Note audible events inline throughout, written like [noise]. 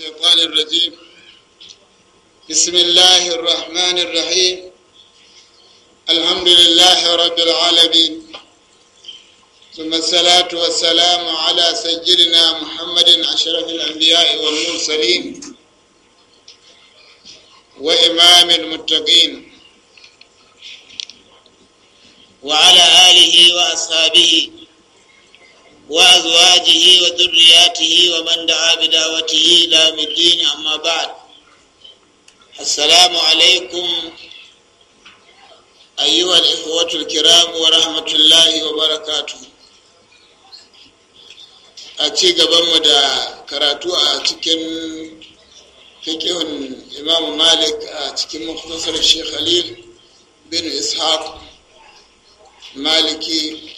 الشيطان الرجيم بسم الله الرحمن الرحيم الحمد لله رب العالمين ثم الصلاة والسلام على سيدنا محمد أشرف الأنبياء والمرسلين وإمام المتقين وعلى آله وأصحابه وأزواجه وذرياته ومن دعا بدعوته إلى الدين أما بعد السلام عليكم أيها الإخوة الكرام ورحمة الله وبركاته أتي قبل مدى كراتو أتكن فقه إمام مالك أتكن مختصر الشيخ خليل بن إسحاق مالكي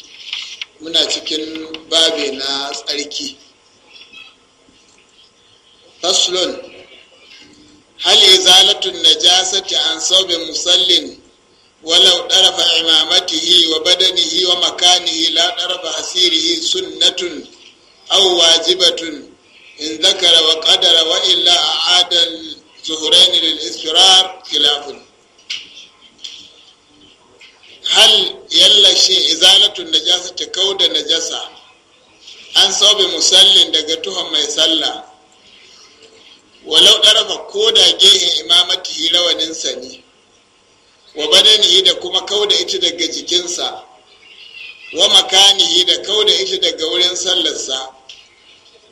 muna cikin babe na tsarki faslon hal izalatun najasati an saube musallin walau ɗarafa imamatihi wa badanihi wa makanihi la ɗarafa asirihi sunnatun aw wajibatun in zakara wa qadara wa illa a'ada zuhurain lil israr khilafun hal shi izalatun jasa ta kau da na jasa? an saube musallin daga tuhon mai sallah walau ɗarafa ko da gehen imamati rawaninsa ne wa badanihi da kuma kau da ita daga jikinsa wa makanihi da kau da ita daga wurin sallarsa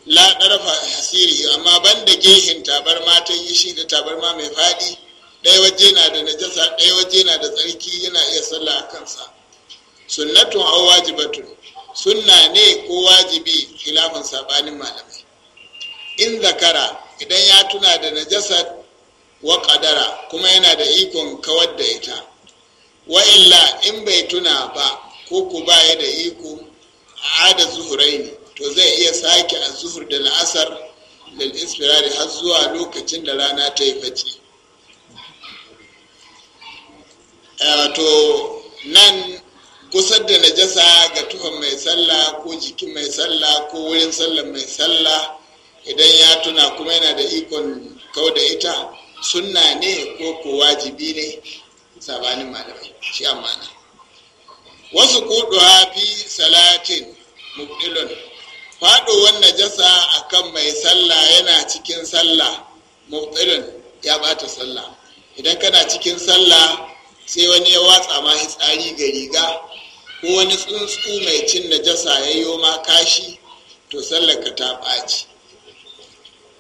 la ɗarafa hasiri amma ban da gehen tabarma ta yi shi da tabarma mai faɗi ɗaya waje na da najasa ɗaya waje na da tsarki yana iya sallah a kansa sunnatun au wajibatun sunna ne ko wajibi khilafin sabanin malamai in zakara idan ya tuna da najasa wa kadara kuma yana da ikon kawar da ita wa illa in bai tuna ba ko ku baya da iko a ada zuhurai ne to zai iya sake a zuhur da la'asar da isfirari har zuwa lokacin da rana ta yi faci Eh, to nan kusa da najasa ga tuhon mai sallah ko jikin mai sallah ko wurin sallah mai sallah idan ya tuna kuma yana da ikon kau da ita sunna ne ko ko wajibi ne sabanin malamai shi amana wasu kudu fi salatin mubdilun jasa najasa akan mai sallah yana cikin sallah mubdilun ya bata sallah idan kana cikin sallah sai wani ya watsa ma hitsari ga riga ko wani tsuntsu mai cin najasa ya yi ma kashi to sallaka ta ɓaci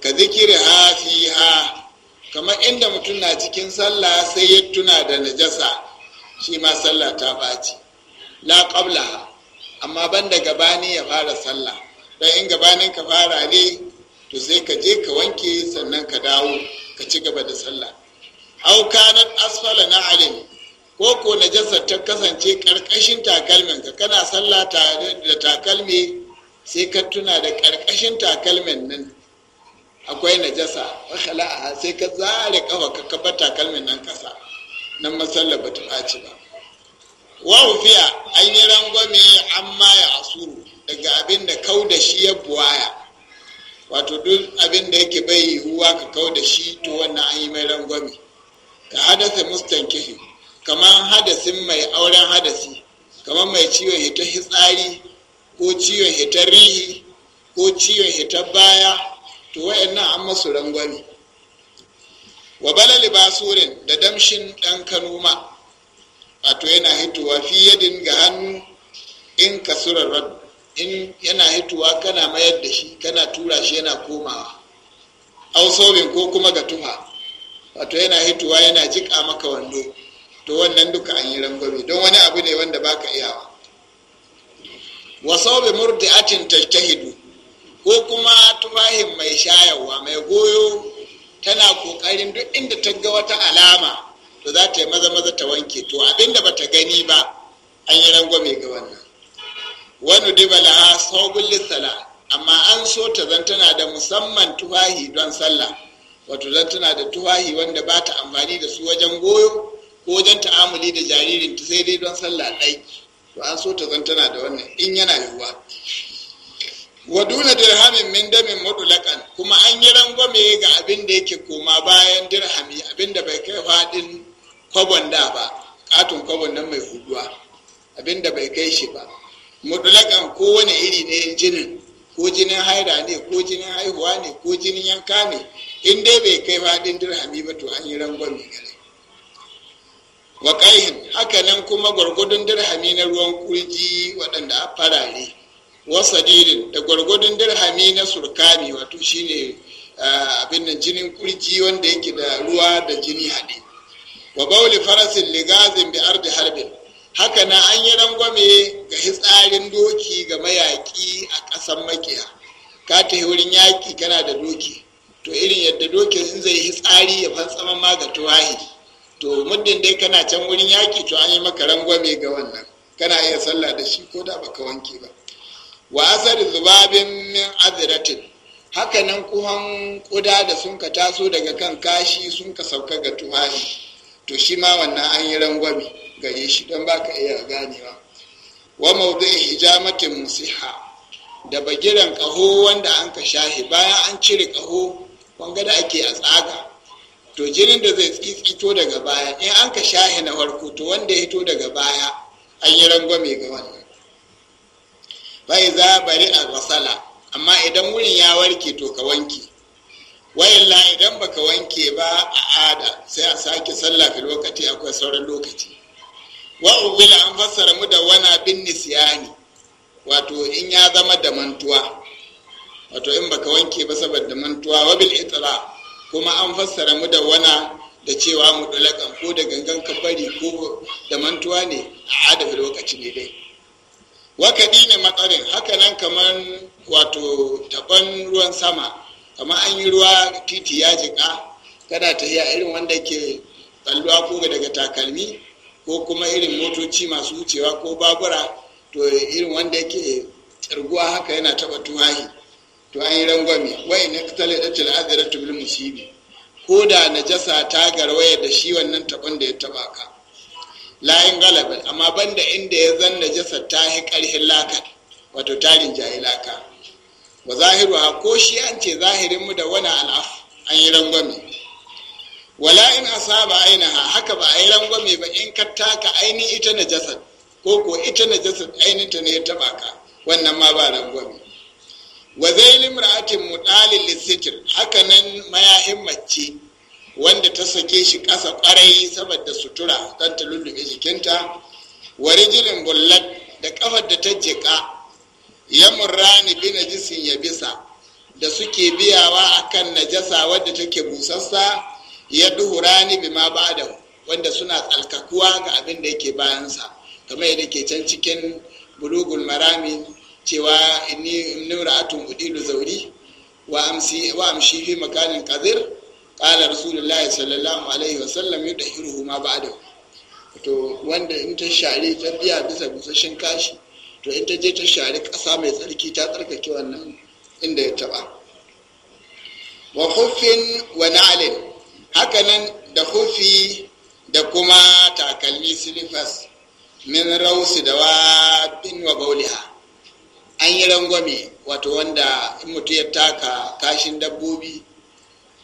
ka zikiri ha fi ha kamar inda mutum na cikin sallah sai ya tuna da najasa shi ma sallah ta ɓaci la ƙabla amma ban da gabani ya fara sallah don in gabanin ka fara ne to sai ka je ka wanke sannan ka dawo ka ci gaba da sallah Hauka na asfala na alim ko ko najasar ta kasance karkashin takalmin ka kana sallah tare da takalmi sai ka tuna da karkashin takalmin nan akwai najasa wahala sai ka zare kafa ka kafa takalmin nan kasa nan masallah ba ta ɓaci ba wa fiya an yi rangwame amma ya asuru daga abin da kau da shi ya buwaya wato duk abin da yake bai yiwuwa ka kau da shi to wannan an yi mai rangwame ka hadasa mustankihi kamar hadasin mai auren hadasi kamar mai ciwon hita hitsari ko ciwon hitar rihi ko ciwon hitar baya to wa'annan an masu rangwami wa balali basurin da damshin ɗan kanuma wato yana hituwa fi yadin ga hannu in kasurar in yana hituwa kana mayar da shi kana tura shi yana komawa ausobin ko kuma ga tuha wato yana hitowa, yana jika maka wando to wannan duka an yi rangwame don wani abu ne wanda ba baka iyawa wasau bi murdi'atin tajtahidu ko kuma tufahin mai shayarwa mai goyo tana kokarin duk inda ta ga wata alama to za ta yi maza maza ta wanke to abinda ba ta gani ba an yi rangwame ga wannan wani dibala saubin lissala amma an so ta zan da musamman tufahi don sallah wato zan da tufahi wanda ba ta amfani da su wajen goyo ko wajen ta'amuli da jaririn ta sai dai don sallah ɗai to an so ta zan tana da wannan in yana yiwuwa wa duna dirhamin min damin laƙan, kuma an yi rangwame ga abin da yake koma bayan dirhami abin da bai kai faɗin kwabon da ba katon kwabon nan mai huduwa abin da bai kai shi ba ko wani iri ne jinin ko jinin haira ne ko jinin haihuwa ne ko jinin yanka ne in dai bai kai faɗin dirhami ba to an yi rangwame ga wa ƙahin hakanan kuma gwargwadon dirhami na ruwan kurji waɗanda a farare wasa dirin da gwargwadon dirhami na surkami wato shine abin da jinin kurji wanda yake da ruwa da jini haɗe wa bauli farasin ligazin bi ardi harbin haka an yi rangwame ga hitsarin doki ga mayaƙi a ƙasan makiya ka ta wurin yaƙi kana da doki to irin yadda dokin zai yi hitsari ya fantsama ma ga tuwahi to muddin dai kana can wurin yaki to an yi maka rangwame ga wannan kana iya sallah da shi ko da baka wanke ba wa asar zubabin min azratin haka nan kuhan kuda da sun ka taso daga kan kashi sun ka sauka ga tuhani to shi ma wannan an yi rangwame gare shi don baka iya ganewa wa mawdu'i hijamatin musiha da bagiran kaho wanda an ka shahi bayan an cire kaho wanga da ake a tsaga to jinin da zai to daga baya in an ka shahi na farko to wanda ya hito daga baya an yi rangwame ga wannan bai za bari a rasala amma idan wurin ya warke to ka wanke wayalla idan baka wanke ba a ada sai a sake sallah lokaci akwai sauran lokaci wa ubila an fassara mu da wana bin nisyani wato in ya zama da mantuwa wato in baka wanke ba saboda mantuwa wa bil itra kuma an fassara mu da wana da cewa mu dalakan ko da gangan kabari ko da mantuwa ne a adabi lokaci ne dai wakaɗi ne matsarin nan kamar wato taban ruwan sama kamar an yi ruwa titi ya ta yi a irin wanda ke tsalluwa ko daga takalmi ko kuma irin motoci masu wucewa ko babura to irin wanda ke tsirguwa haka yana taɓa tuwahi to an yi rangwame wai na iktala da til adiratu bil musibi ko da najasa ta garwaya da shi wannan tabon da ya taba ka layin galabin amma banda inda ya zan najasa ta yi karhin laka wato tarin jayi laka wa zahiru ha ko shi an ce zahirin mu da wani al'af an yi rangwame wala in asaba ainiha haka ba a yi rangwame ba in ka taka ainihin ita najasar ko ko ita najasar ainihin ta ne ya taba ka wannan ma ba rangwame wa zailin ra'atin mutalin lissitir nan mayahin mace wanda ta sake shi ƙasa ƙwarai saboda sutura don ta lullube jikinta wa rijilin bullet da ƙafar da ta jiƙa ya murrani bi Jisin ya bisa da suke biyawa a akan najasa wadda take busassa ya duhurani bi ma ba'da wanda suna tsalkakuwa ga abin da yake bayansa kamar yadda ke can cikin bulugul marami cewa inni imra'atun udilu zauri wa amsi wa amshi fi makanin qadir qala rasulullah sallallahu alaihi wa sallam yudahiruhu ma ba'da to wanda in ta share ta biya bisa busashin kashi to in ta je ta share kasa mai tsarki ta tsarkake wannan inda ya taba wa khuffin wa na'lin hakanan da khuffi da kuma takalmi silifas min rausi da wa bin wa bauliha an yi rangwame wato wanda in mutu ya taka kashin dabbobi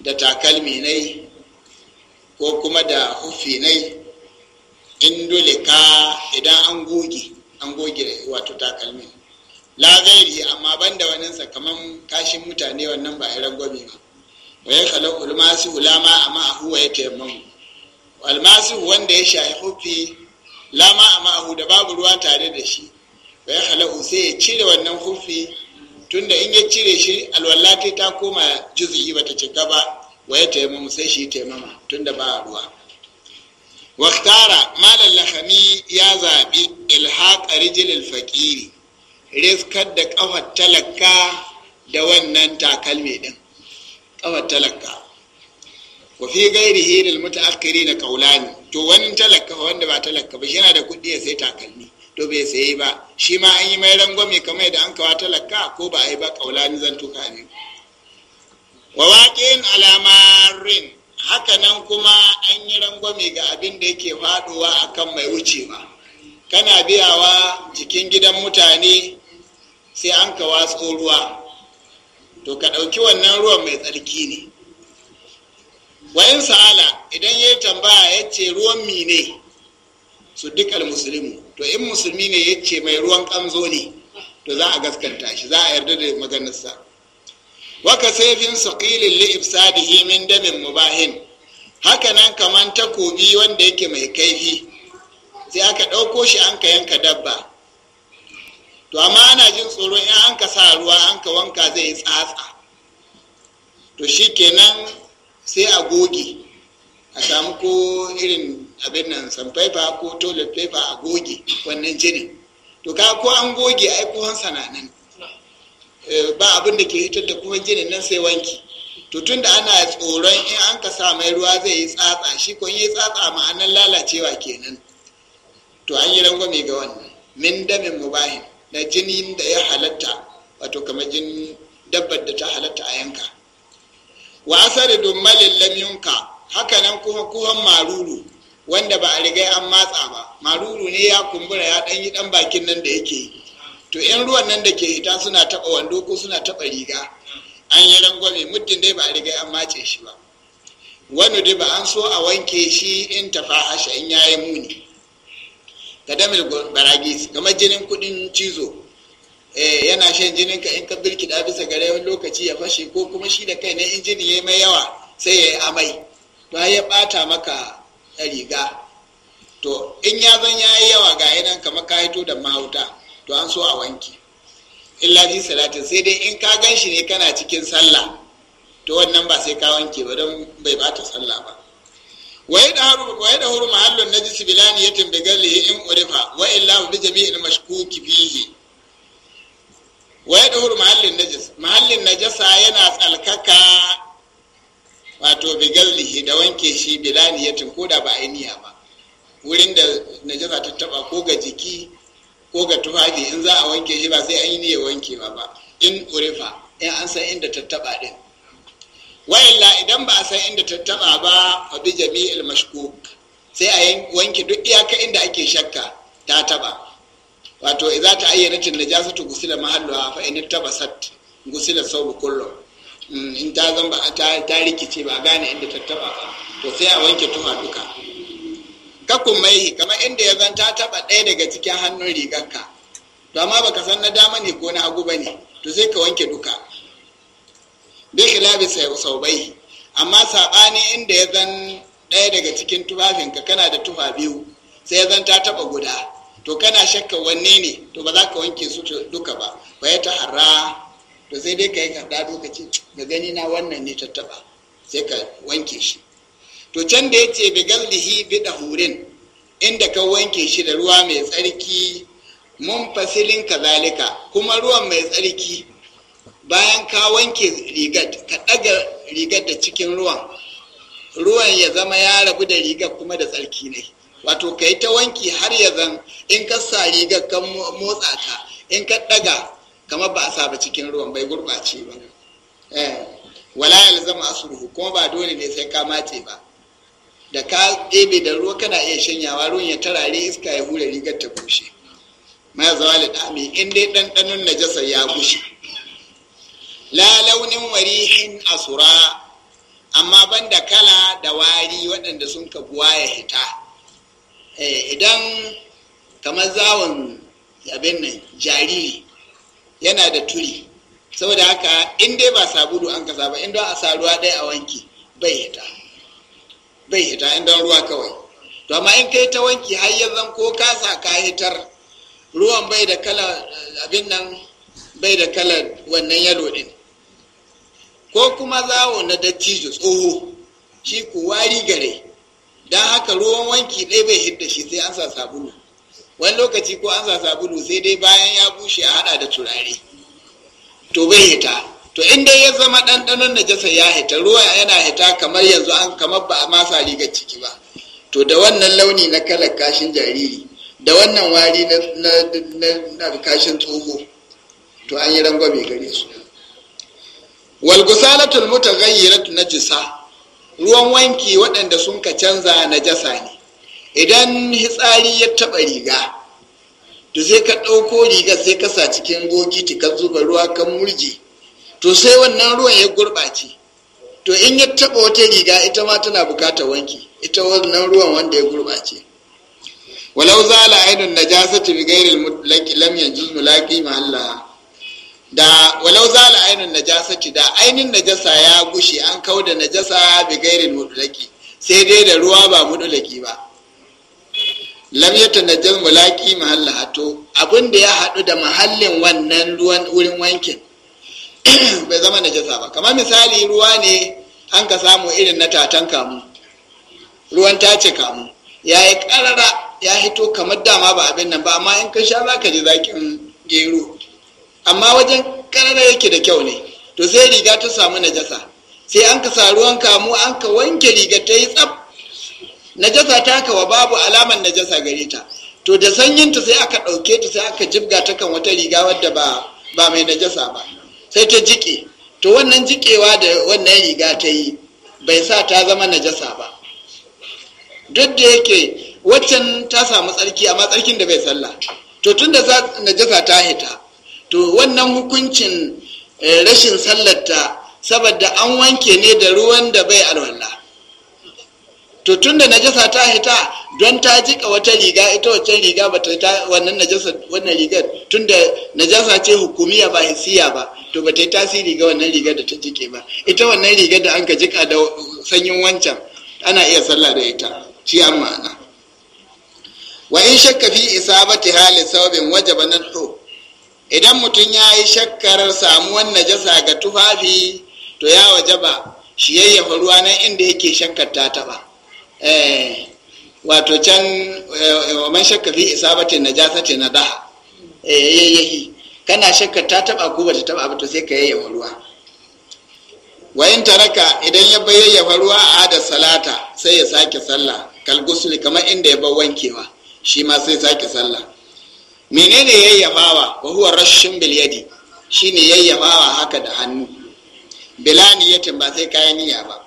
da takalmi nai ko kuma da hufi nai in dole ka idan an goge an goge wato takalmi la gairi amma ban da waninsa kamar kashin mutane wannan ba a rangwame ba wa ya kala ulmasi ulama amma a huwa ya taimamu almasu wanda ya shayi hufi lama amma da babu ruwa tare da shi Wa ya halahu sai ya cire wannan hufi tunda in ya cire shi alwallati ta koma juzi'i bata cika ba wa ya taimama sai shi taimama tunda ba ruwa waktara malam lahami ya zaɓi ilhaƙa rijilil faƙiri riskar da ƙafar talaka da wannan takalmi ɗin ƙafar talaka wa fi gairi hirin mutu na kaulani to wani talaka wanda ba talaka ba shi yana da kuɗi ya sai takalmi to bai sayi ba shi ma an yi mai rangwame kamar yadda an kawa talaka ko ba a yi ba ni zan tuka ne wa waƙin alamarin haka nan kuma an yi rangwame ga abin da yake faɗowa kan mai wucewa kana biyawa jikin gidan mutane sai an ka watso ruwa to ka ɗauki wannan ruwan mai tsarki ne wa'in sa'ala idan ya tambaya ya ce ruwan mine su dukkan musulmi to in musulmi ne ya ce mai ruwan kanzo ne to za a gaskanta shi za a yarda da maganarsa waka saifin saƙilin li ifsadihi min damin mubahin haka nan kaman takobi wanda yake mai kaifi sai aka ɗauko shi an ka yanka dabba to amma ana jin tsoro in an ka sa ruwa an ka wanka zai yi tsatsa to shi kenan sai a goge a samu ko irin abin nan sanfaifa ko toilet paper a goge wannan jini. to ka ko an goge ai kuhan sananan eh, ba abin da ke hitar da kuma jinin nan sai wanki to tun da ana tsoron in an ka sa mai ruwa zai yi tsatsa shi kun yi tsatsa ma'anan lalacewa kenan to an yi rangwame ga wannan min damin mubahin na jini da ya halatta wato kamar jinin dabbar da ta halatta a yanka wa asari dummalin lamyunka haka nan kuma kuhan maruru wanda ba a riga an matsa ba maruru ne ya kumbura ya ɗan yi ɗan bakin nan da yake yi to yan ruwan nan da ke ita suna taɓa wando ko suna taɓa riga an yi rangwame muddin dai ba a riga an mace shi ba wani dai ba an so a wanke shi in tafa hasha in yi muni ka damil baragis kamar jinin kudin cizo eh, yana shan jinin ka in ka birki da bisa gare wani lokaci ya fashe ko kuma shi da kai na injini ya mai yawa sai ya yi amai ba ya ɓata maka ya riga to in ya zan ya yi yawa ga yanan kamar ka hito da mahauta to an so a wanki In fi salatin sai dai in ka gan shi ne kana cikin sallah to wannan ba sai ka wanke ba don bai bata sallah ba waye da haru waye da huru mahallun najis bilani yatin bi gali in urifa wa illa bi jami'il mashkuki fihi waye da huru mahallin najis mahallin najasa yana tsalkaka wato bigallihi da wanke shi bilaniyatin ko da ba a yi niyya ba wurin da najasa ta taba ko ga jiki ko ga tufafi in za a wanke shi ba sai an yi niyyar wankewa ba in urifa in an san inda ta taba din wayalla idan ba a san inda ta taba ba fa bi jami'il mashkuk sai a wanke duk iyaka inda ake shakka ta taba wato idza ta ayyana najasatu gusila mahalluha fa in tabasat gusila sawbu kullu Mm, in ta zan ba ta rikice ba gane inda ta taba ba to sai a wanke tufa duka kakun mai kamar inda ya zan ta taba ɗaya daga cikin hannun rigarka to amma baka san na dama ne ko na hagu ba ne, to sai ka wanke duka labi sau bai, amma ne inda ya zan ɗaya daga cikin tufafinka kana da tufa biyu sai ya zan ta taba guda to kana shakka wanne ne to ba za ka wanke su duka ba ba ya hara. to sai dai ka yi haɗa lokaci ga gani na wannan ne taɓa sai ka wanke shi to can da ya ce bi galdihi bi hurin inda ka wanke shi da ruwa mai tsarki mun fasilin kazalika kuma ruwan mai tsarki bayan ka wanke rigar ka ɗaga rigar da cikin ruwan ruwan ya zama ya rabu da rigar kuma da tsarki ne wato ka yi ta wanki har ya in ka sa rigar ka motsa ta in ka ɗaga kamar ba a saba cikin ruwan bai gurɓace ba eh, wala a suruhu kuma ba dole ne sai ka mace ba da ka ɗebe da ruwa kana iya shanyawa ruwan ya tarare iska ya hura rigar ta bushe ma zawali dami in dai ɗanɗanon najasar ya bushe la launin warihin asura amma ban da kala da wari waɗanda sun ka buwa ya hita eh, idan kamar zawon abin nan jariri yana da turi saboda haka in dai ba sabulu an kasa ba in don a sa ruwa ɗaya a wanki bai hita bai hita in don ruwa kawai to amma in kai ta wanki har ya zan ko ka sa ka hitar ruwan bai da kala abin nan bai da kala wannan yalo din ko kuma zawo na dattijo tsoho shi ku wari gare don haka ruwan wanki ɗaya bai hita shi sai an sa sabulu wani lokaci ko an sa sabulu sai dai bayan ya bushe a hada da turare to bai hita to in dai ya zama ɗanɗanon na jasa ya hita ruwa yana hita kamar yanzu an kamar ba a masa rigar ciki ba to da wannan launi na kalar kashin jariri da wannan wari na kashin tsoho to an yi rangwame gare su walgusalatul na najisa ruwan wanki waɗanda sun ka canza na jasa ne idan hitsari ya taɓa riga to sai ka ɗauko riga sai ka sa cikin gogiti ka zuba ruwa kan murji to sai wannan ruwan ya gurɓace to in ya taɓa wata riga ita ma tana bukatar wanki ita wannan ruwan wanda ya gurɓace walau zala ainun najasati bi ghairil lamiyan lam yanjuz mulaqi mahallaha da walau zala ainun najasati da ainin najasa ya gushe an kauda najasa bi ghairil mutlaqi sai dai da ruwa ba mutlaqi ba lam yatanajjal mulaki mahalla hato abin da ya haɗu da mahallin wannan ruwan wurin wankin [clears throat] bai zama na jasa ba kamar misali ruwa ne an ka samu irin na tatan kamu ruwan ta ce kamu ya yi ƙarara ya hito kamar dama ba abin nan ba amma in ka sha za ka ji zaƙin gero amma wajen karara yake da kyau ne to sai riga ta samu najasa sai an ka sa ruwan kamu an ka wanke riga ta yi tsaf najasa ta kawa babu alaman najasa gare ta to da sanyinta sai aka ɗauke ta sai aka jibga ta kan wata riga wadda ba ba mai najasa ba sai ta jike to wannan jikewa da wannan riga ta yi bai sa ta zama najasa ba duk da yake waccan ta samu tsarki amma tsarkin da bai sallah to tun da najasa ta hita to wannan hukuncin eh, rashin sallarta saboda an wanke ne da ruwan da bai alwala to tun da najasa ta hita don ta jika wata riga ita wacce riga ba ta wannan najasa wannan rigar tun da najasa ce hukumiya ba hisiya ba to ba ta yi tasiri ga wannan rigar da ta jike ba ita wannan rigar da an ka jika da sanyin wancan ana iya sallah da ita shi an ma'ana wa in shakka fi isabati hali saubin wajaba nadhu idan mutum ya yi shakkar samuwar najasa ga tufafi to ya wajaba shi yayyafa ruwa nan inda yake shakkar ta taba Eh, wato can eh, wa man shakka fi isabatin najasati nadaha eh yayi kana shakka ta taba ko ta taba ba to sai ka yayyafa ruwa wa in taraka idan ya yayyafa ruwa a da salata sai ya sake sallah kal gusli kamar inda ya bar wankewa shi ma sai sake sallah menene yayyafawa wa huwa rashin bil yadi shine yayyafawa haka da hannu bila niyatin ba sai kayan niyya ba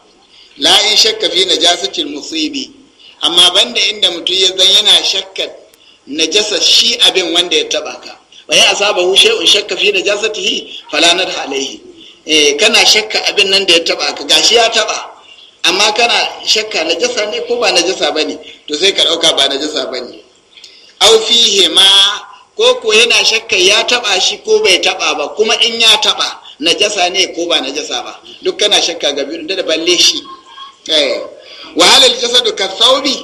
la in shakka fi najasatil musibi amma banda inda mutum ya zan yana shakka na jasa shi abin wanda ya taba ka wa ya asaba hu in shakka fi na fala nadha alayhi eh, kana shakka abin nan da ya taba ka gashi ya taba amma kana shakka na jasa ne ko ba na jasa ba ne? to sai ka ɗauka ba na jasa ba ne. Au fihe ma ko ko yana shakka ya taba shi ko bai taba ba kuma in ya taba najasa ne ko ba najasa ba duk kana shakka ga biyu da balle shi Eh, wa halal jasadu ka saubi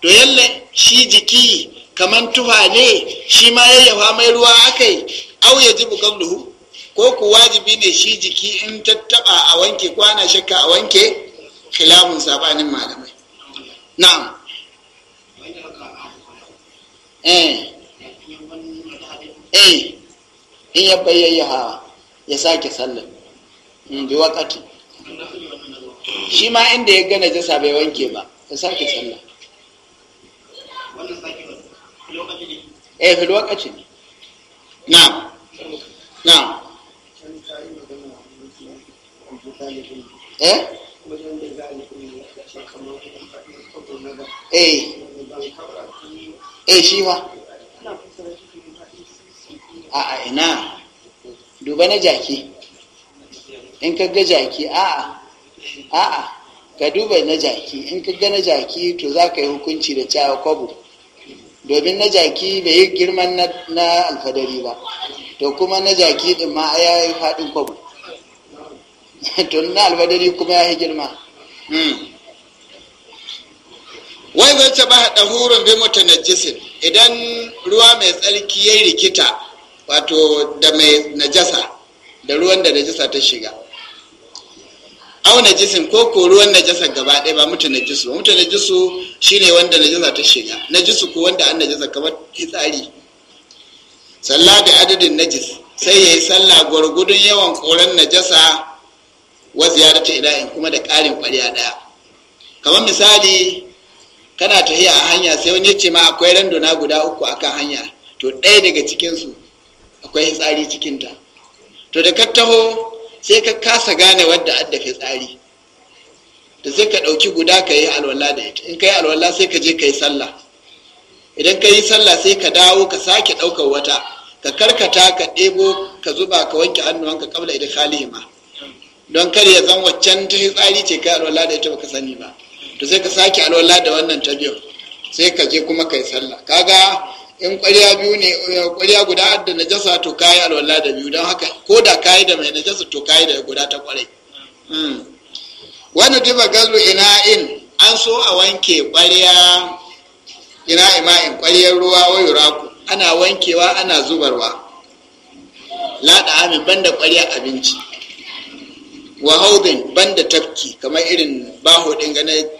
to yalla shi jiki kaman tufa ne shi ma yayyafa mai ruwa akai au ya ji bugamluhu ko ku wajibi ne shi jiki in tattaba a wanke kwana shakka a wanke kilamun sabanin malamai na'am eh eh in ya bayyaya ya sake sallar in hmm, bi wakati shi ma inda ya gana jasa bai wanke ba ka sake eh lokaci ne na na eh eh eh shi a a ina duba na jaki in ka ga jaki a a a'a ka duba na jaki in ka ga na jaki to za ka yi hukunci da cewa kwabo domin na jaki bai yi girman na alfadari ba to kuma na jaki din ma ya yi faɗin kwabo [laughs] to na alfadari kuma ya yi girma hmm. wai zai ce ba ɗahurin bi mutanajisin idan ruwa mai tsarki ya rikita wato da mai najasa da ruwan da najasa ta shiga au najisin ko ko ruwan najasa gaba ɗaya ba mutu najisu ba mutu najisu shine wanda najasa ta shiga najisu ko wanda an najasa kamar fitsari sallah da adadin najis sai ya yi sallah gwargudun yawan koren najasa wa ta ila'in kuma da ƙarin ƙwarya ɗaya kamar misali kana tafiya a hanya sai wani ya ce ma akwai randuna guda uku akan hanya to ɗaya daga cikinsu akwai hitsari cikinta to da ka taho sai ka kasa gane wadda adda tsari, da sai ka ɗauki guda ka yi alwala da ita in ka yi alwala sai ka je ka yi sallah idan ka yi sallah sai ka dawo ka sake ɗaukar wata ka karkata ka ɗebo ka zuba ka wanke hannuwanka kabla idan ma. don kar ya zan waccan ta tsari ce ka alwala da ita baka sani ba to sai ka sake alwala da wannan ta biyu sai ka je kuma ka yi sallah kaga in ƙwarya biyu ne eh, ƙwarya guda da najasa to kayi alwala da biyu don haka ko da kayi da mai najasa to kayi da guda ta ƙwarai hmm. wani diba gazu ina in an so a wanke ƙwarya ina in ƙwaryar ruwa wa yuraku. ana wankewa ana zubarwa lada amin banda ƙwaryar abinci wa haudin banda tafki kamar irin baho ɗin ganin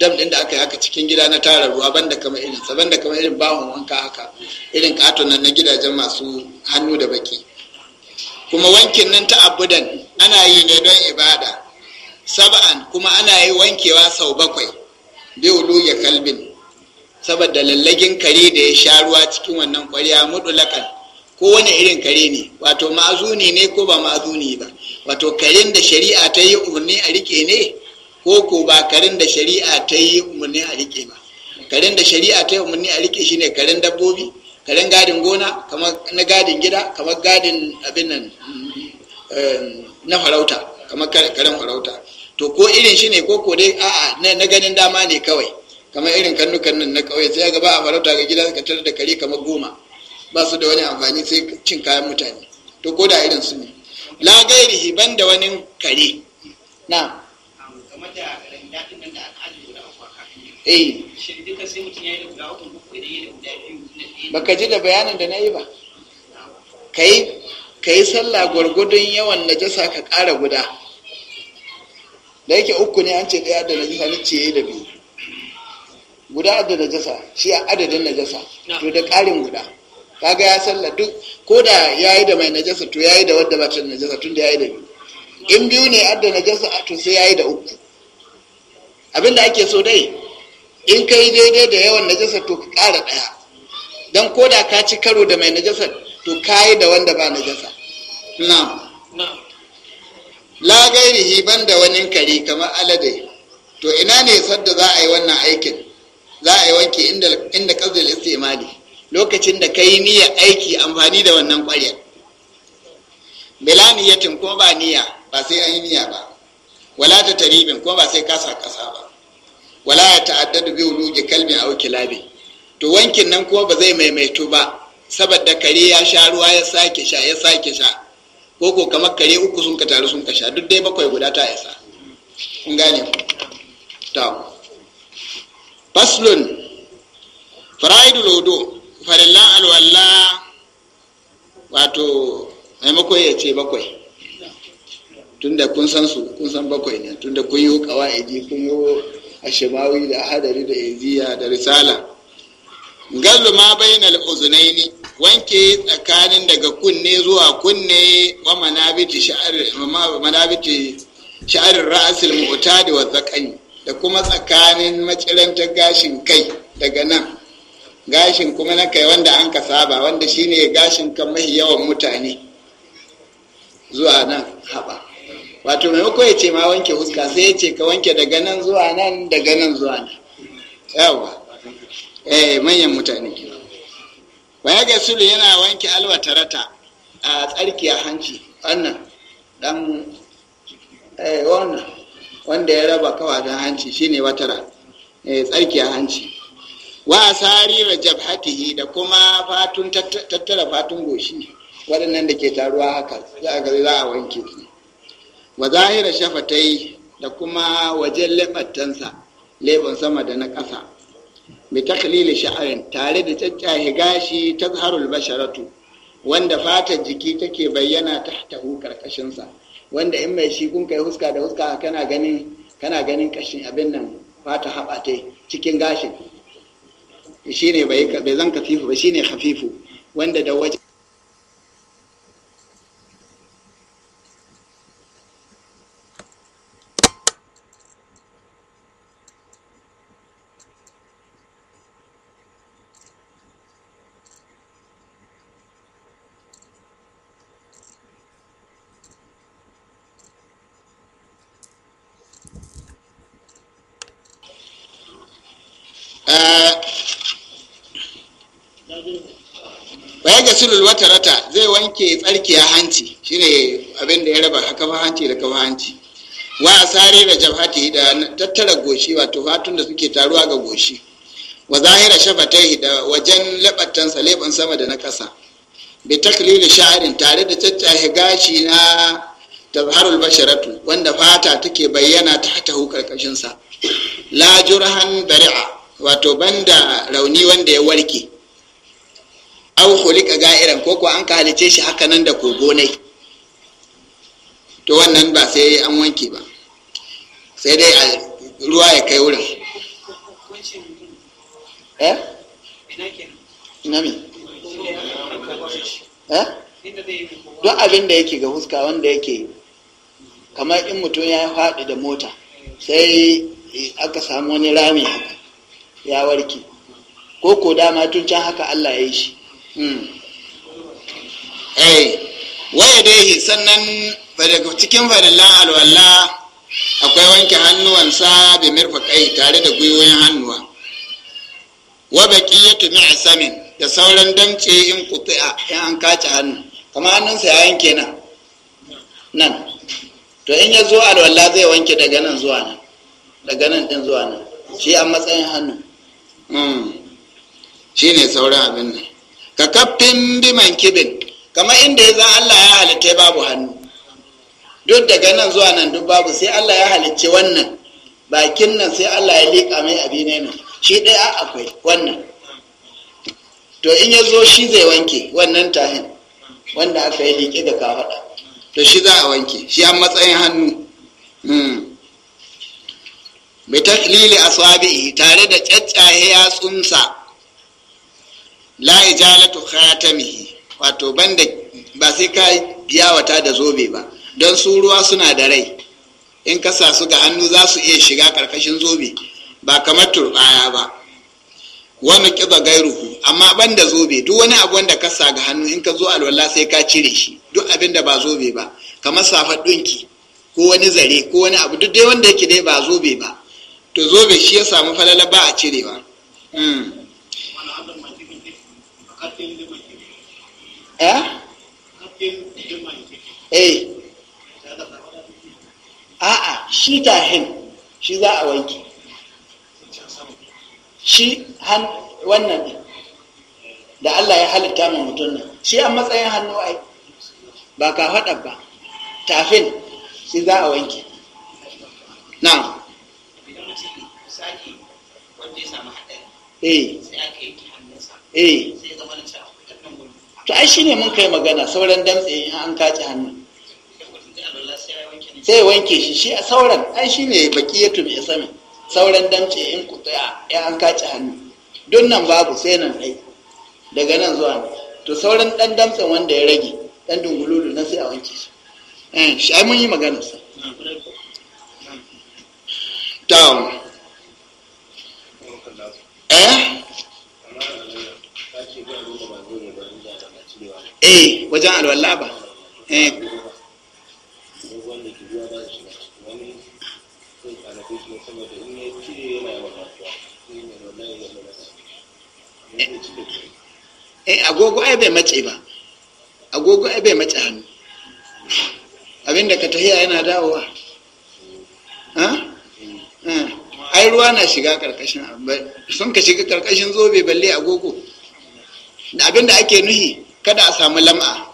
dam din da aka yi haka cikin gida na tara ruwa banda kama irin sa banda kama irin bawon wanka haka irin katon na gidajen masu hannu da baki kuma wankin nan ta abudan ana yi ne don ibada saban kuma ana yi wankewa sau bakwai biyu ya kalbin saboda lallagin kare da ya sha ruwa cikin wannan kwarya lakan ko wani irin kare ne wato ma'azuni ne ko ba ma'azuni ba wato karen da shari'a ta yi umarni a rike ne ko ko ba karin da shari'a ta yi umarni a rike ba karin da shari'a ta yi umarni a rike shine karin dabbobi karin gadin gona kamar na gadin gida kamar gadin abin nan na farauta kamar karin farauta to ko irin shi ne ko ko dai a'a na ganin dama ne kawai kamar irin kannukan nan na kawai sai ga ba a farauta ga gida ka tarar da kare kamar goma ba su da wani amfani sai cin kayan mutane to ko da irin su ne la gairihi ban da wani kare na da randa da aka ajiye eh duka sai mutum ya yi da guda uku ko yi da guda biyu baka ji da bayanin da na yi ba Ka yi sallah gwargwadon yawan najasa ka ƙara guda da yake uku ne an ce ɗaya da najasa ni ce da biyu guda da najasa shi a adadin najasa to da ƙarin guda kaga ya sallah duk ko da ya yi da mai najasa to ya yi da wadda ba ta najasa tun da ya yi da biyu in biyu ne adda najasa to sai ya yi da uku abinda ake so dai in ka yi daidai da yawan najasar to ka kara ɗaya don ko da ka ci karo da mai najasar to ka yi da wanda ba najasa na la gairihi ban da wani kare kamar alade to ina ne sadda za a yi wannan aikin za a yi wanke inda ƙasdil istimali lokacin da ka yi niyya aiki amfani da wannan ƙwaryar bila niyyatin ko ba niyya ba sai an yi niyya ba wala ta taribin kuma ba sai kasa kasa ba wala ya ta'addadu bi wuluji kalbi aw kilabi to wankin nan kuma ba zai maimaito ba saboda kare ya sha ruwa ya sake sha ya sake sha ko ko kamar kare uku sun ka taru sun ka sha duk dai bakwai guda ta isa kun gane ta faslun fara'idul wudu farillan alwalla wato maimakon ya ce bakwai tunda kun san su kun san bakwai ne tunda kun yi kawaidi kun yi ashimawi da hadari da iziya da risala gallu ma bainal uzunaini wanke tsakanin daga kunne zuwa kunne wa manabiti sha'arir manabiti sha'arir ra'asil mu'tadi wa zakani da kuma tsakanin macirantar gashin kai daga nan gashin kuma na kai wanda an ka saba wanda shine gashin kan mahi yawan mutane zuwa nan haɓa wato maimako ya ce ma wanke huska sai ya ce ka wanke daga nan zuwa nan daga nan zuwa nan yawa eh manyan mutane ke waya ga sulu yana wanke alwatarata a tsarki a hanci wannan dan eh wannan wanda ya raba kawajen hanci shine watara eh tsarki a hanci wa asarira jabhatihi da kuma fatun tattara fatun goshi waɗannan da ke taruwa haka za a za a wanke su wa zahira shafatai da kuma wajen leɓattansa lebon sama da na ƙasa bi taklili sha'arin tare da caccahi gashi ta zaharul basharatu wanda fatar jiki take bayyana ta tahu karkashinsa wanda in mai shi kun kai huska da huska kana ganin kana ganin kashin abin nan fata haɓa ta cikin gashin shine bai zan kafifu ba shine hafifu wanda da waje yasilul watarata zai wanke tsarkiya hanci shine abin da ya raba kafa hanci da kafa hanci wa asare da jabhati da tattara goshi wato fatun da suke taruwa ga goshi wa zahira shafatai da wajen labattansa leɓen sama da na kasa bi taklili sha'arin tare da caccahe gashi na tazharul basharatu wanda fata take bayyana ta hukar karkashin sa la bari'a wato banda rauni wanda ya warke aw khuliqa ga'iran ko ko an ka shi haka nan da kogo ne to wannan ba sai an wanke ba sai dai a ruwa ya kai wurin eh eh don abin da yake ga huska wanda yake kamar in mutum ya faɗi da mota sai aka samu wani rami haka ya warke ko ko dama tun can haka Allah ya yi shi Hmm. Eh, waya dai sannan daga cikin farillan alwala akwai wanke hannuwansa bi mirfakai tare da gwiwoyin hannuwa wa baqiyatu mi'samin da sauran damce in quti'a in an kace hannu kamar hannunsa ya yanke nan nan to in ya zo alwala zai wanke daga nan zuwa nan daga nan din zuwa nan shi a matsayin hannu hmm. shi ne sauran abin nan ka kaffin biman kibin kamar inda ya zan Allah ya halitta babu hannu duk daga nan zuwa nan duk babu sai Allah ya halicce wannan bakin nan sai Allah ya liƙa mai abin ne nan shi ɗaya akwai wannan to in ya zo shi zai wanke wannan tahin wanda aka yi liƙe da kafaɗa to shi za a wanke shi an matsayin hannu hmm. bi taklili aswabi'i tare da caccahe yatsunsa la ijalatu khatamihi wato banda ba sai ka yawata da zobe ba don su ruwa suna da rai in ka sa su ga hannu za su iya shiga karkashin zobe ba kamar turbaya ba wani kiba gairuhu amma banda zobe duk wani abu wanda ka sa ga hannu in ka zo alwala sai ka cire shi duk abin da ba zobe ba kamar safar ɗinki ko wani zare ko wani abu duk dai wanda yake dai ba zobe ba to zobe shi ya samu falala ba a cirewa hmm. Eh? Eh. a'a shi tahin shi za a wanke shi wannan da Allah ya halitta ma mutum nan shi a matsayin hannu ai ba ka faɗa ba tafin shi za a wanke na eh eh to ai shine mun kai magana sauran damtse in an kaci hannu sai wanke shi shi a sauran ai shine baqiyatu ya isami sauran damtse in kuta ya an kaci hannu don nan babu sai nan dai daga nan zuwa ne to sauran dan damtsen wanda ya rage dan dungululu na sai a wanke shi eh shi ai mun yi magana sa down eh eh wajen alwallah ba eh. Eh, eh agogo ai bai mace ba agogo ai bai mace hannu abinda ka tahiya yana dawowa eh. ai ruwa na shiga karkashin sun ka shiga karkashin zobe balle agogo da abinda ake nuhi kada a samu lam'a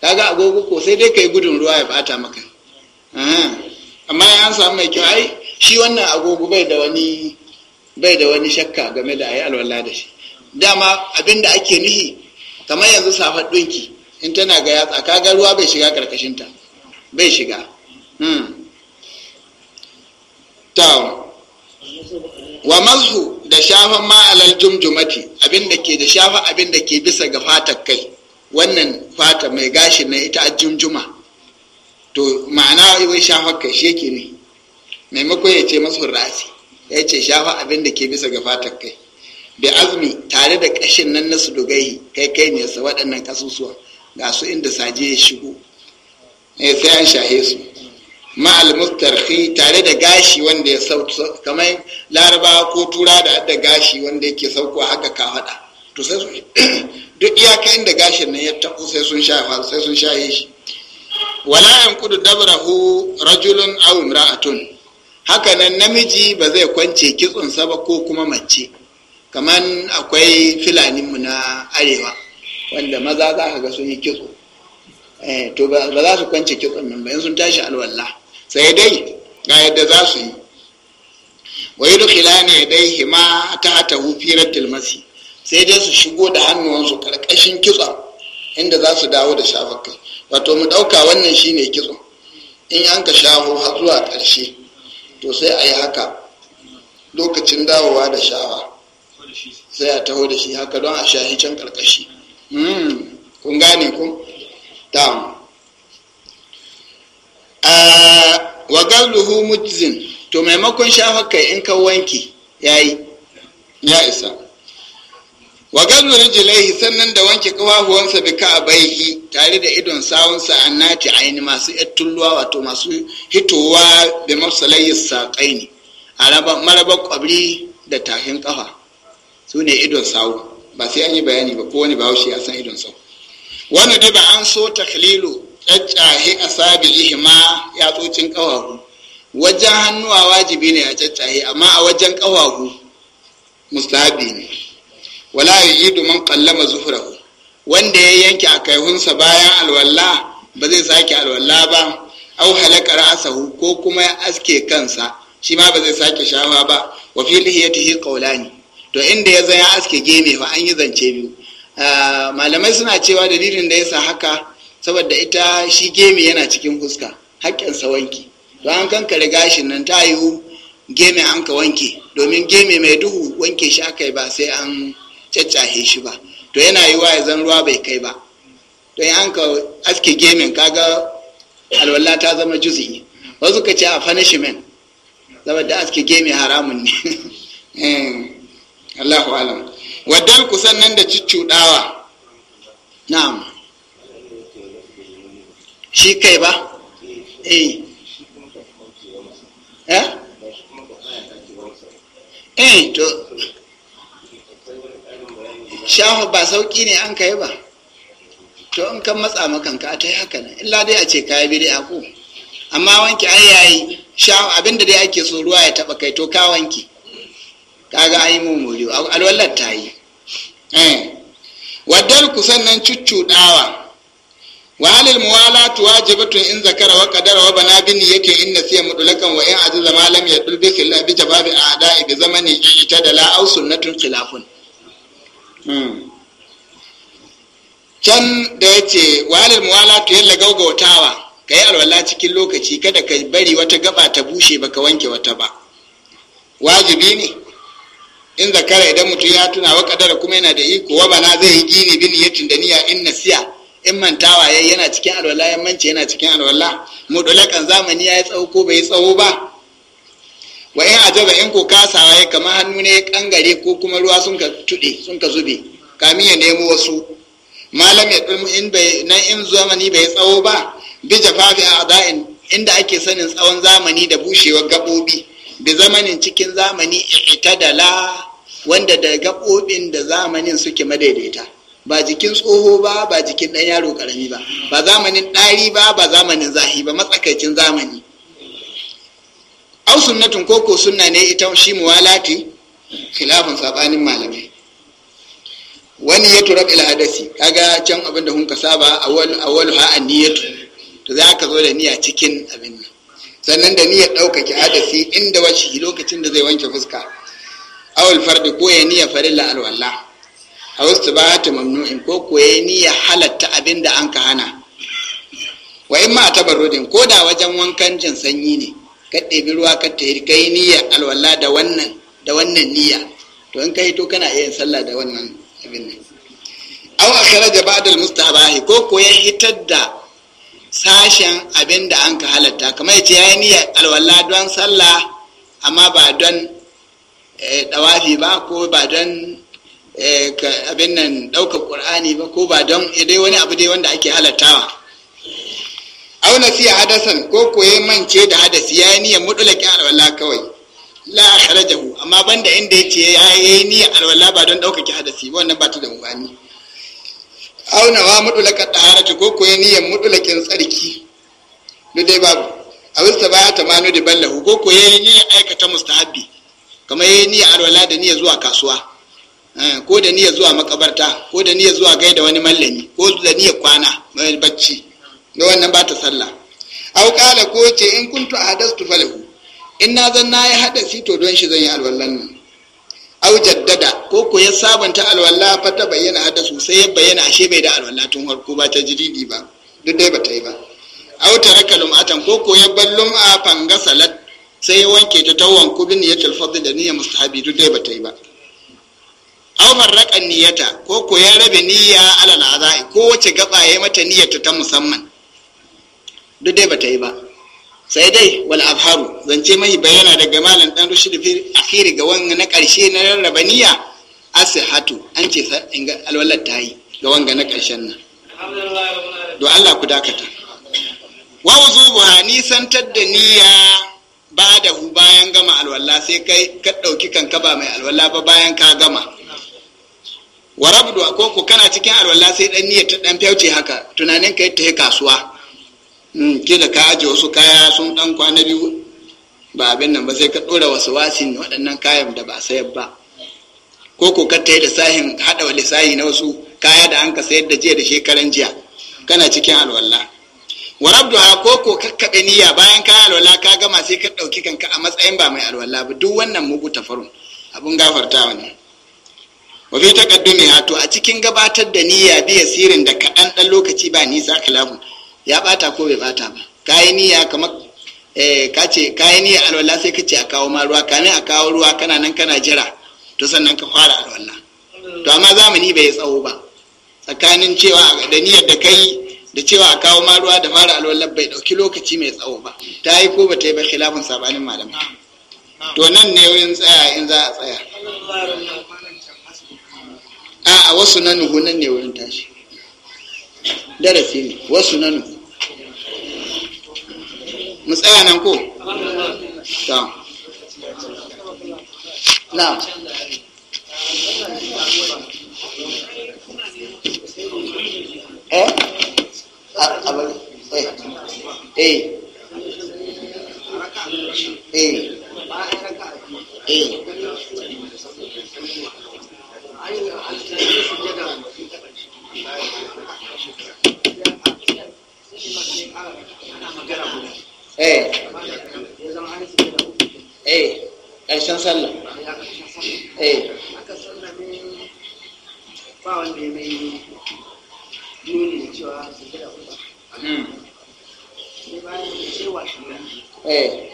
ga agogo ko sai dai ka yi gudun ruwa ya bata maka ah, amma ya an samu mai kyau ai shi wannan agogo bai da wani shakka game da ayi alwala da shi dama abinda ake nuhi kamar yanzu safar ɗinki in tana ga yatsa kaga ruwa bai shiga karkashinta bai shiga hmm. wa mazhu da shafan ma'alal jumjumati abin da ke da shafa abin da ke bisa ga fatar kai wannan fata mai gashi na ita a jumjuma to ma'ana wai shafar kai shi yake ne maimakon ya ce masu rasi ya ce shafa abin da ke bisa ga fatar kai da azumi tare da kashin nan na sudugai kai kai ne sa waɗannan kasusuwa ga su inda saje ya shigo eh, sai an shahe su ma'al mustarhi tare da gashi wanda ya sau, kamar laraba ko tura da adda gashi wanda yake sauko haka ka faɗa to sai su [coughs] duk iyaka inda gashin nan ya taɓo sai sun sha sai sun shaye shi wala Kudu dabrahu rajulun aw imra'atun haka nan namiji ba zai kwance sa ba ko kuma mace kamar akwai filaninmu na arewa wanda maza za ka ga sun yi kitso eh, to ba za su kwance kitson nan ba in sun tashi alwallah sai dai ga yadda za su yi wa yi dukila ne dai hima ta hufi na tilmasi sai dai su shigo da hannuwansu karkashin kitson inda za su dawo da shafar kai wato mu ɗauka wannan shi ne kitson in an ka shaho har zuwa ƙarshe to sai a yi haka lokacin dawowa da shawa sai a taho da shi haka don a shahi can ƙarƙashi hmm, kun gane ku? Damu. wa galluhu mujzin to maimakon shafakka in ka wanki yayi ya isa wa gallu rijlaihi sannan da wanke kawahuwansa bi ka'abaihi tare da idon sawunsa annati aini masu ittulwa wato masu hitowa bi mafsalai saqaini a marabar qabri da tahin kafa Sune idon sawu ba sai an yi bayani ba ko wani shi ya san idon sawu Wannan da ba an so takhlilu caccahe a sabi'ihi ma yatsocin ƙawahu wajen hannuwa wajibi ne a caccahe amma a wajen ƙawahu mustahabi ne wala yujidu man kallama zuhurahu wanda ya yanke a kaihunsa bayan alwalla ba zai sake alwala ba au halaka ra'sahu ko kuma ya aske kansa shi ma ba zai sake shawa ba wa fi lihiyatihi qawlani to inda ya zan ya aske gemewa an yi zance biyu ah, malamai suna cewa dalilin da ya sa haka saboda ita shi gemi yana cikin fuska haƙƙinsa wanki don an kankare gashin nan ta yiwu gemi an ka wanke domin gemi mai duhu wanke shi aka ba sai an caccahe shi ba to yana yiwa wa zan ruwa bai kai ba don an ka aske gemin kaga alwala ta zama juzi wasu ka ce a punishment saboda aske gemi haramun ne [laughs] eh, Allahu alam wadal kusan nan da ciccudawa na'am shi kai ba eh, eh? eh to shahu ba sauki ne an kai ba to in kan matsa makanka a ta yi haka na. illa dai a ce kayi bidi a ku amma wanki ai yayi shahu abinda dai ake so ruwa ya taba kai to ka wanki kaga ai mu muriyo alwallar ta yi eh wadal kusan nan cuccudawa wa halil muwalatu wajibatun in zakara wa qadara wa bana bin yake in siya mudlakan wa in ajiza ma lam yadul bi khilaf bi jababi a'da'i bi zamani itadala aw sunnatun khilafun hmm. can da yace wa muwala tu yalla gaugautawa kai alwala cikin lokaci kada ka bari wata gaba ta bushe baka wanke wata ba wajibi ne in zakara idan mutum ya tuna wa kadara kuma yana da iko wa bana zai yi gini bin yatin da niyya in siya? in mantawa yayi yana cikin alwala ya mance yana cikin alwala Mu mudulakan zamani ya yi tsawo ko bai tsawo ba wa in ajaba in ko kasawa ya kama hannu ne kangare ko kuma ruwa sun ka tude sun ka zube kamin ya nemo wasu malam ya dulmu in bai nan in zamani bai tsawo ba bi jafafi a da'in inda ake sanin tsawon zamani da bushewar gabobi bi zamanin cikin zamani ita dala wanda da gabobin da zamanin suke madaidaita ba jikin tsoho ba ba jikin ɗan yaro ƙarami ba ba zamanin ɗari ba ba zamanin zahi ba matsakaicin zamani au sunnatun koko suna ne ita shi muwalati khilafin sabanin malamai wani ya turab ila hadasi kaga can abin da hunka saba awal awal ha anniyatu to za ka zo da niyya cikin abin nan sannan da niyyar ɗaukake hadasi inda wace lokacin da zai wanke fuska awal fardi ko ya niyya farilla alwallah haustu ba ta mamnu'in ko kuwa ya niyya halatta abin da an ka hana wa in ma ta barudin ko da wajen wankan jin sanyi ne ka ɗebi ruwa ka tayi ka yi niyya alwala da wannan da wannan niyya to in ka yi to kana iya yin sallah da wannan abin nan aw da ba'adar mustapha mustahabahi ko ko ya hitar da sashen abin da an ka halatta kamar ya ce ya yi niyya alwala don sallah amma ba don dawafi eh, ba ko ba don Eh, abin nan ɗaukar ƙur'ani ba ko ba don dai wani abu dai wanda ake halattawa auna siya hadasan ko koye mance da hadasi ya yi niyyar mutulakin alwala kawai la jahu, amma banda inda yace ya yi niyyar alwala ba don ɗaukaki hadasi ba wannan ba ta da mubani auna wa mutulakin taharatu ko koye niyyar ƙin tsarki duk dai babu a wista ba ta manu da ballahu ko koye niyan aikata mustahabbi kamar ya yi niyyar alwala da niyan zuwa kasuwa Eh, ko da niyya zuwa makabarta ko da niyya zuwa gaida wani mallami ko da niyya kwana mai eh, bacci da wannan ba ta sallah au kala ko ce in kuntu ahadastu falahu in na zan na yi hadasi to don shi zan yi alwallan nan au jaddada ko ko ya sabanta alwalla fa ta bayyana hadasu sai ya bayyana ashe bai da alwalla tun ba ta jididi ba duk dai ba ta yi ba au taraka lum'atan ko ko ya bar lum'a salat sai ya wanke ta tawon kubin ya talfadda da niyyar mustahabi duk dai ba ta yi ba aw farraqa niyyata ko ko ya rabe niyya alal azai ko wace gaba ya mata niyyata ta musamman duk dai bata yi ba sai dai wal abharu zance mai bayana daga malam dan rushd fi akhiri ga wanga na karshe na rarraba niyya asihatu an ce sa alwalar ta yi ga wanga na karshen nan do Allah ku dakata wa wuzuha nisantar da niyya ba da bayan gama alwala sai kai ka ɗauki kanka ba mai alwala ba bayan ka gama wa rabdu ko ko kana cikin alwala sai dan niyya ta dan fyauce haka tunanin kai ta kasuwa mm da ka aje wasu kaya sun dan kwana biyu ba abin nan ba sai ka dora wasu wasin waɗannan kayan da ba a sayar ba ko ko ka tayi da sahin hada wa lisahi na wasu kaya da an ka sayar da jiya da shekaran jiya kana cikin alwala wa rabduha ko ko kakkabe niyya bayan ka alwala ka gama sai ka dauki kanka a matsayin ba mai alwala ba duk wannan mugu tafarun abun gafartawa ne wa fi taqaddumiha to a cikin gabatar da niyya bi yasirin da kaɗan dan lokaci ba nisa labu. ya bata ko bai bata ba kayi niyya kamar eh, ka ce kayi niyya alwala sai ka ce a kawo ma ruwa kana a kawo ruwa kana nan kana jira to sannan ka fara alwala to amma zamani bai tsawo ba tsakanin cewa da niyyar da kai da cewa a kawo ma ruwa da fara alwala bai ɗauki lokaci mai tsawo ba ta yi ko ba ta yi ba khilafin sabanin malamai to nan ne yin tsaya in za a tsaya a wasu nan nuhu nan ne wurin tashi darasi ne wasu nan nuhu mu tsaya nan ko ta na eh a bari eh eh eh eh eh ƙarshen eh. sallah eh ba hmm. eh.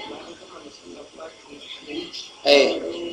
eh.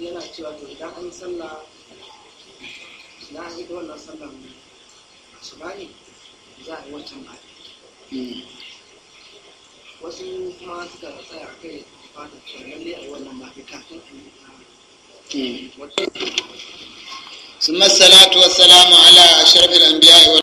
yana cewa to idan an yi sallah na an yi wannan sallah su bani za a yi wancan ba hmm. wasu kuma suka tsaya a kai fata cewa lalle a yi wannan ba a yi ثم الصلاة والسلام على أشرف الأنبياء